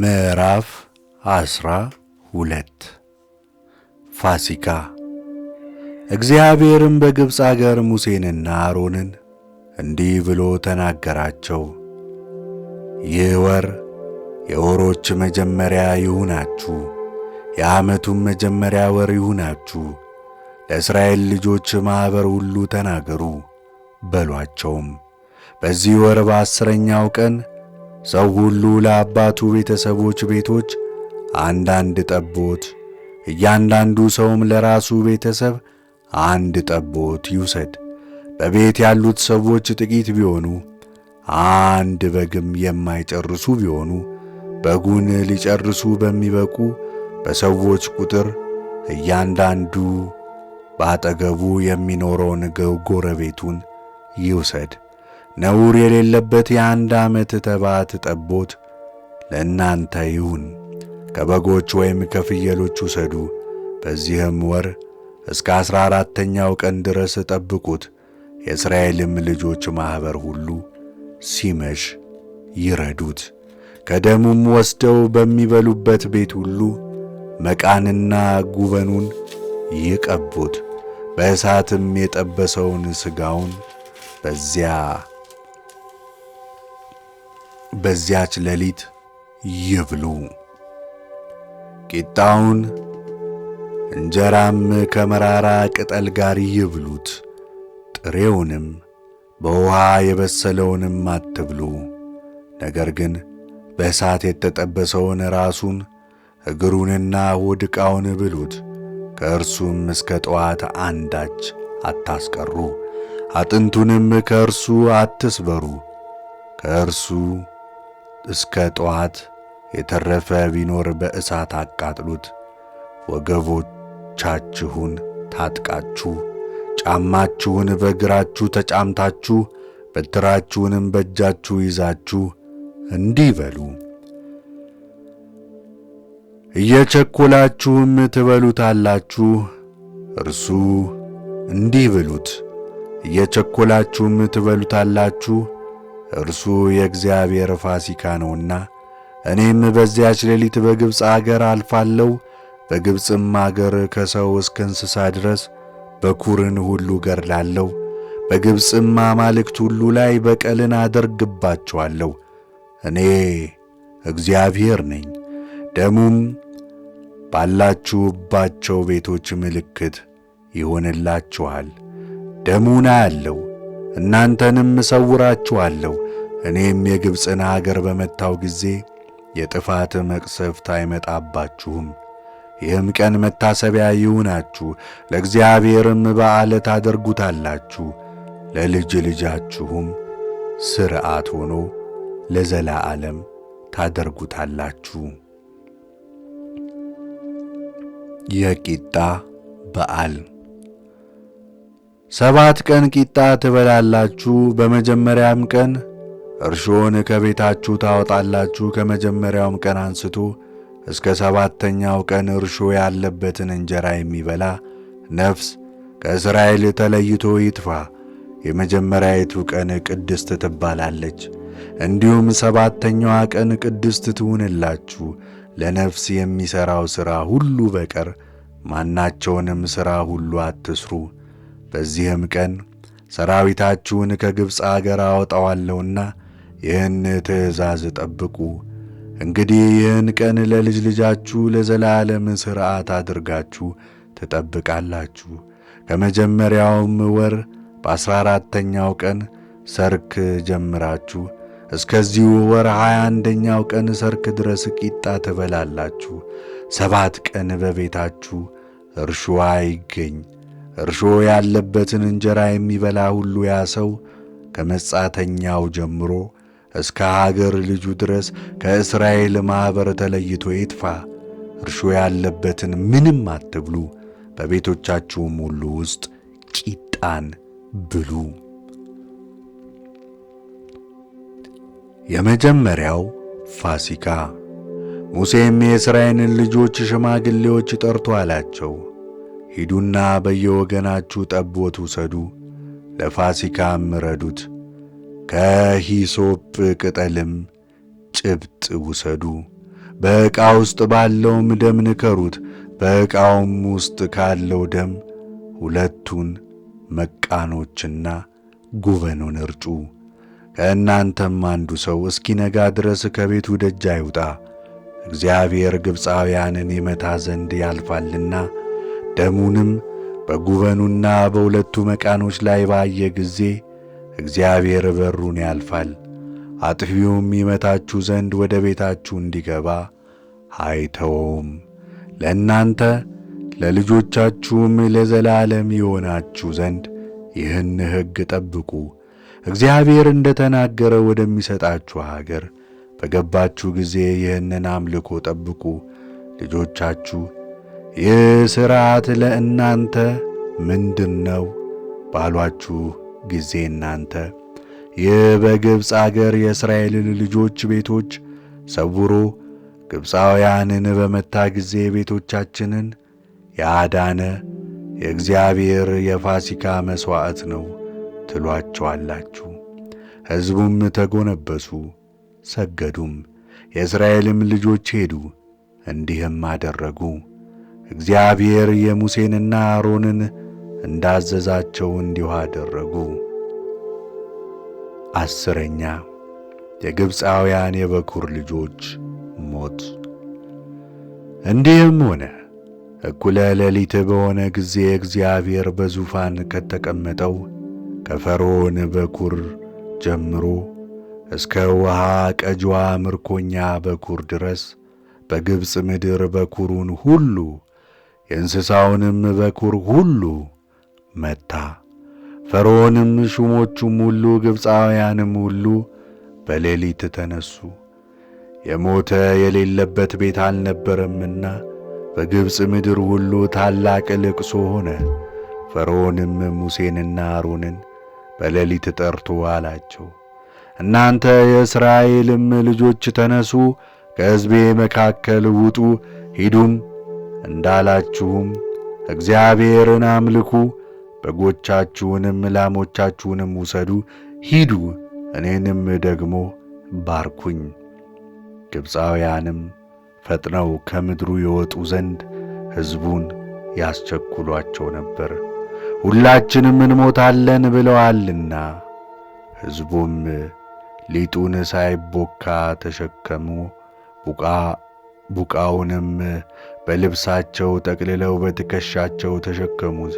ምዕራፍ አስራ ሁለት ፋሲካ እግዚአብሔርም በግብፅ አገር ሙሴንና አሮንን እንዲህ ብሎ ተናገራቸው። ይህ ወር የወሮች መጀመሪያ ይሁናችሁ፣ የዓመቱም መጀመሪያ ወር ይሁናችሁ። ለእስራኤል ልጆች ማኅበር ሁሉ ተናገሩ በሏቸውም በዚህ ወር በአስረኛው ቀን ሰው ሁሉ ለአባቱ ቤተሰቦች ቤቶች አንዳንድ ጠቦት፣ እያንዳንዱ ሰውም ለራሱ ቤተሰብ አንድ ጠቦት ይውሰድ። በቤት ያሉት ሰዎች ጥቂት ቢሆኑ፣ አንድ በግም የማይጨርሱ ቢሆኑ በጉን ሊጨርሱ በሚበቁ በሰዎች ቁጥር እያንዳንዱ በአጠገቡ የሚኖረውን ጎረቤቱን ይውሰድ። ነውር የሌለበት የአንድ ዓመት ተባት ጠቦት ለእናንተ ይሁን። ከበጎች ወይም ከፍየሎች ውሰዱ። በዚህም ወር እስከ ዐሥራ አራተኛው ቀን ድረስ ጠብቁት። የእስራኤልም ልጆች ማኅበር ሁሉ ሲመሽ ይረዱት። ከደሙም ወስደው በሚበሉበት ቤት ሁሉ መቃንና ጉበኑን ይቀቡት። በእሳትም የጠበሰውን ሥጋውን በዚያ በዚያች ሌሊት ይብሉ። ቂጣውን እንጀራም ከመራራ ቅጠል ጋር ይብሉት። ጥሬውንም በውሃ የበሰለውንም አትብሉ። ነገር ግን በእሳት የተጠበሰውን ራሱን እግሩንና ሆድ ዕቃውን ብሉት። ከእርሱም እስከ ጠዋት አንዳች አታስቀሩ። አጥንቱንም ከእርሱ አትስበሩ። ከእርሱ እስከ ጠዋት የተረፈ ቢኖር በእሳት አቃጥሉት። ወገቦቻችሁን ታጥቃችሁ ጫማችሁን በእግራችሁ ተጫምታችሁ በትራችሁንም በእጃችሁ ይዛችሁ እንዲህ በሉ። እየቸኮላችሁም ትበሉታላችሁ። እርሱ እንዲህ ብሉት። እየቸኮላችሁም ትበሉታላችሁ እርሱ የእግዚአብሔር ፋሲካ ነውና እኔም በዚያች ሌሊት በግብፅ አገር አልፋለሁ። በግብፅም አገር ከሰው እስከ እንስሳ ድረስ በኩርን ሁሉ ገርላለሁ በግብፅም አማልክት ሁሉ ላይ በቀልን አደርግባቸዋለሁ። እኔ እግዚአብሔር ነኝ። ደሙም ባላችሁባቸው ቤቶች ምልክት ይሆንላችኋል። ደሙን አያለሁ እናንተንም እሰውራችኋለሁ። እኔም የግብፅን አገር በመታው ጊዜ የጥፋት መቅሰፍት አይመጣባችሁም። ይህም ቀን መታሰቢያ ይሁናችሁ፣ ለእግዚአብሔርም በዓል ታደርጉታላችሁ። ለልጅ ልጃችሁም ሥርዓት ሆኖ ለዘላዓለም ታደርጉታላችሁ። የቂጣ በዓል ሰባት ቀን ቂጣ ትበላላችሁ። በመጀመሪያም ቀን እርሾን ከቤታችሁ ታወጣላችሁ። ከመጀመሪያውም ቀን አንስቶ እስከ ሰባተኛው ቀን እርሾ ያለበትን እንጀራ የሚበላ ነፍስ ከእስራኤል ተለይቶ ይጥፋ። የመጀመሪያይቱ ቀን ቅድስት ትባላለች። እንዲሁም ሰባተኛዋ ቀን ቅድስት ትሁንላችሁ። ለነፍስ የሚሠራው ሥራ ሁሉ በቀር ማናቸውንም ሥራ ሁሉ አትስሩ። በዚህም ቀን ሰራዊታችሁን ከግብፅ አገር አወጣዋለሁና ይህን ትእዛዝ ጠብቁ። እንግዲህ ይህን ቀን ለልጅ ልጃችሁ ለዘላለም ሥርዓት አድርጋችሁ ትጠብቃላችሁ። ከመጀመሪያውም ወር በአሥራ አራተኛው ቀን ሰርክ ጀምራችሁ እስከዚሁ ወር ሀያ አንደኛው ቀን ሰርክ ድረስ ቂጣ ትበላላችሁ። ሰባት ቀን በቤታችሁ እርሾ አይገኝ። እርሾ ያለበትን እንጀራ የሚበላ ሁሉ ያ ሰው ከመጻተኛው ጀምሮ እስከ ሀገር ልጁ ድረስ ከእስራኤል ማኅበር ተለይቶ ይጥፋ። እርሾ ያለበትን ምንም አትብሉ፣ በቤቶቻችሁም ሁሉ ውስጥ ቂጣን ብሉ። የመጀመሪያው ፋሲካ ሙሴም የእስራኤልን ልጆች ሽማግሌዎች ጠርቶ አላቸው ሂዱና በየወገናችሁ ጠቦት ውሰዱ፣ ለፋሲካም ረዱት። ከሂሶጵ ቅጠልም ጭብጥ ውሰዱ፣ በዕቃ ውስጥ ባለውም ደም ንከሩት። በዕቃውም ውስጥ ካለው ደም ሁለቱን መቃኖችና ጉበኑን እርጩ። ከእናንተም አንዱ ሰው እስኪነጋ ድረስ ከቤቱ ደጅ አይውጣ፣ እግዚአብሔር ግብፃውያንን ይመታ ዘንድ ያልፋልና ደሙንም በጉበኑና በሁለቱ መቃኖች ላይ ባየ ጊዜ እግዚአብሔር በሩን ያልፋል፣ አጥፊውም ይመታችሁ ዘንድ ወደ ቤታችሁ እንዲገባ አይተውም ለእናንተ ለልጆቻችሁም ለዘላለም ይሆናችሁ ዘንድ ይህን ሕግ ጠብቁ። እግዚአብሔር እንደ ተናገረ ወደሚሰጣችሁ አገር በገባችሁ ጊዜ ይህንን አምልኮ ጠብቁ። ልጆቻችሁ ይህ ሥርዓት ለእናንተ ምንድን ነው ባሏችሁ ጊዜ እናንተ ይህ በግብፅ አገር የእስራኤልን ልጆች ቤቶች ሰውሮ ግብፃውያንን በመታ ጊዜ ቤቶቻችንን ያዳነ የእግዚአብሔር የፋሲካ መሥዋዕት ነው ትሏቸዋላችሁ። ሕዝቡም ተጎነበሱ ሰገዱም። የእስራኤልም ልጆች ሄዱ እንዲህም አደረጉ። እግዚአብሔር የሙሴንና አሮንን እንዳዘዛቸው እንዲሁ አደረጉ። አስረኛ የግብፃውያን የበኩር ልጆች ሞት። እንዲህም ሆነ እኩለ ሌሊት በሆነ ጊዜ እግዚአብሔር በዙፋን ከተቀመጠው ከፈርዖን በኩር ጀምሮ እስከ ውሃ ቀጇ ምርኮኛ በኩር ድረስ በግብፅ ምድር በኩሩን ሁሉ የእንስሳውንም በኩር ሁሉ መታ። ፈርዖንም ሹሞቹም ሁሉ ግብፃውያንም ሁሉ በሌሊት ተነሱ፣ የሞተ የሌለበት ቤት አልነበረምና በግብፅ ምድር ሁሉ ታላቅ ልቅሶ ሆነ። ፈርዖንም ሙሴንና አሮንን በሌሊት ጠርቶ አላቸው፣ እናንተ የእስራኤልም ልጆች ተነሱ፣ ከሕዝቤ መካከል ውጡ፣ ሂዱም እንዳላችሁም እግዚአብሔርን አምልኩ፣ በጎቻችሁንም ላሞቻችሁንም ውሰዱ፣ ሂዱ፣ እኔንም ደግሞ ባርኩኝ። ግብፃውያንም ፈጥነው ከምድሩ የወጡ ዘንድ ሕዝቡን ያስቸኩሏቸው ነበር፣ ሁላችንም እንሞታለን ብለዋልና። ሕዝቡም ሊጡን ሳይቦካ ተሸከሙ ቡቃ ቡቃውንም በልብሳቸው ጠቅልለው በትከሻቸው ተሸከሙት።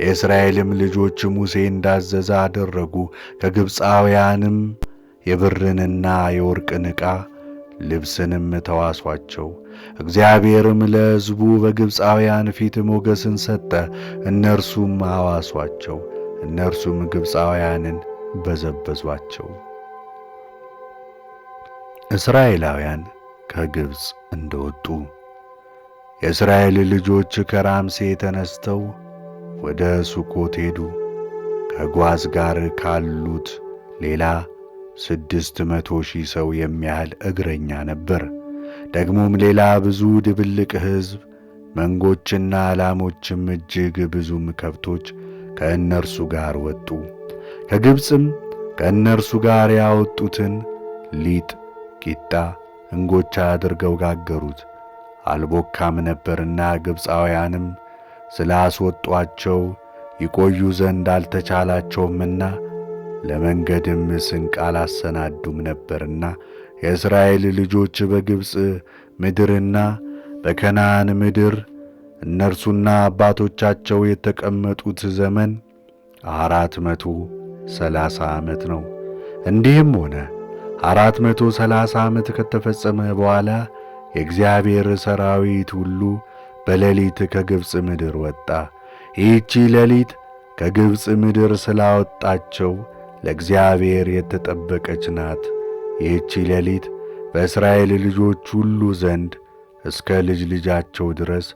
የእስራኤልም ልጆች ሙሴ እንዳዘዘ አደረጉ። ከግብፃውያንም የብርንና የወርቅን ዕቃ ልብስንም ተዋሷቸው። እግዚአብሔርም ለሕዝቡ በግብፃውያን ፊት ሞገስን ሰጠ። እነርሱም አዋሷቸው። እነርሱም ግብፃውያንን በዘበዟቸው። እስራኤላውያን ከግብፅ እንደወጡ የእስራኤል ልጆች ከራምሴ ተነስተው ወደ ሱኮት ሄዱ። ከጓዝ ጋር ካሉት ሌላ ስድስት መቶ ሺህ ሰው የሚያህል እግረኛ ነበር። ደግሞም ሌላ ብዙ ድብልቅ ሕዝብ፣ መንጎችና ላሞችም እጅግ ብዙም ከብቶች ከእነርሱ ጋር ወጡ። ከግብፅም ከእነርሱ ጋር ያወጡትን ሊጥ፣ ቂጣ እንጎቻ አድርገው ጋገሩት። አልቦካም ነበርና ግብፃውያንም ስላስወጧቸው ይቆዩ ዘንድ አልተቻላቸውምና ለመንገድም ስንቅ አላሰናዱም ነበርና የእስራኤል ልጆች በግብፅ ምድርና በከናን ምድር እነርሱና አባቶቻቸው የተቀመጡት ዘመን አራት መቶ ሰላሳ ዓመት ነው። እንዲህም ሆነ አራት መቶ ሰላሳ ዓመት ከተፈጸመ በኋላ የእግዚአብሔር ሰራዊት ሁሉ በሌሊት ከግብፅ ምድር ወጣ። ይህቺ ሌሊት ከግብፅ ምድር ስላወጣቸው ለእግዚአብሔር የተጠበቀች ናት። ይህቺ ሌሊት በእስራኤል ልጆች ሁሉ ዘንድ እስከ ልጅ ልጃቸው ድረስ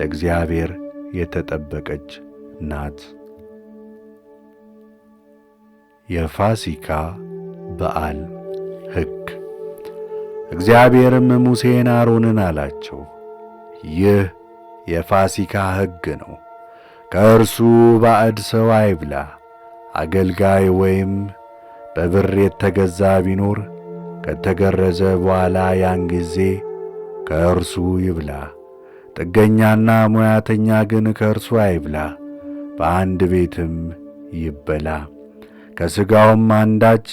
ለእግዚአብሔር የተጠበቀች ናት። የፋሲካ በዓል ሕግ። እግዚአብሔርም ሙሴን አሮንን አላቸው፣ ይህ የፋሲካ ሕግ ነው። ከእርሱ ባዕድ ሰው አይብላ። አገልጋይ ወይም በብር የተገዛ ቢኖር ከተገረዘ በኋላ ያን ጊዜ ከእርሱ ይብላ። ጥገኛና ሙያተኛ ግን ከእርሱ አይብላ፣ በአንድ ቤትም ይበላ። ከሥጋውም አንዳች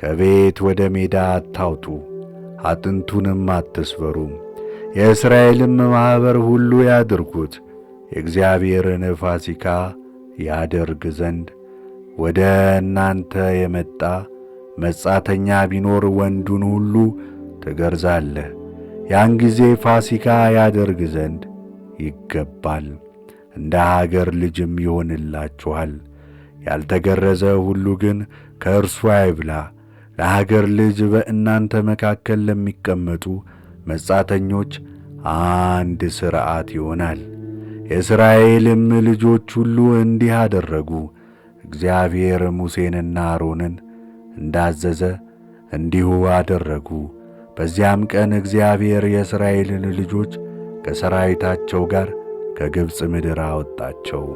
ከቤት ወደ ሜዳ አታውጡ፣ አጥንቱንም አትስበሩ። የእስራኤልም ማኅበር ሁሉ ያድርጉት፣ የእግዚአብሔርን ፋሲካ ያደርግ ዘንድ ወደ እናንተ የመጣ መጻተኛ ቢኖር ወንዱን ሁሉ ትገርዛለህ። ያን ጊዜ ፋሲካ ያደርግ ዘንድ ይገባል፣ እንደ አገር ልጅም ይሆንላችኋል። ያልተገረዘ ሁሉ ግን ከእርሱ አይብላ። ለአገር ልጅ በእናንተ መካከል ለሚቀመጡ መጻተኞች አንድ ሥርዓት ይሆናል። የእስራኤልም ልጆች ሁሉ እንዲህ አደረጉ። እግዚአብሔር ሙሴንና አሮንን እንዳዘዘ እንዲሁ አደረጉ። በዚያም ቀን እግዚአብሔር የእስራኤልን ልጆች ከሰራዊታቸው ጋር ከግብፅ ምድር አወጣቸው።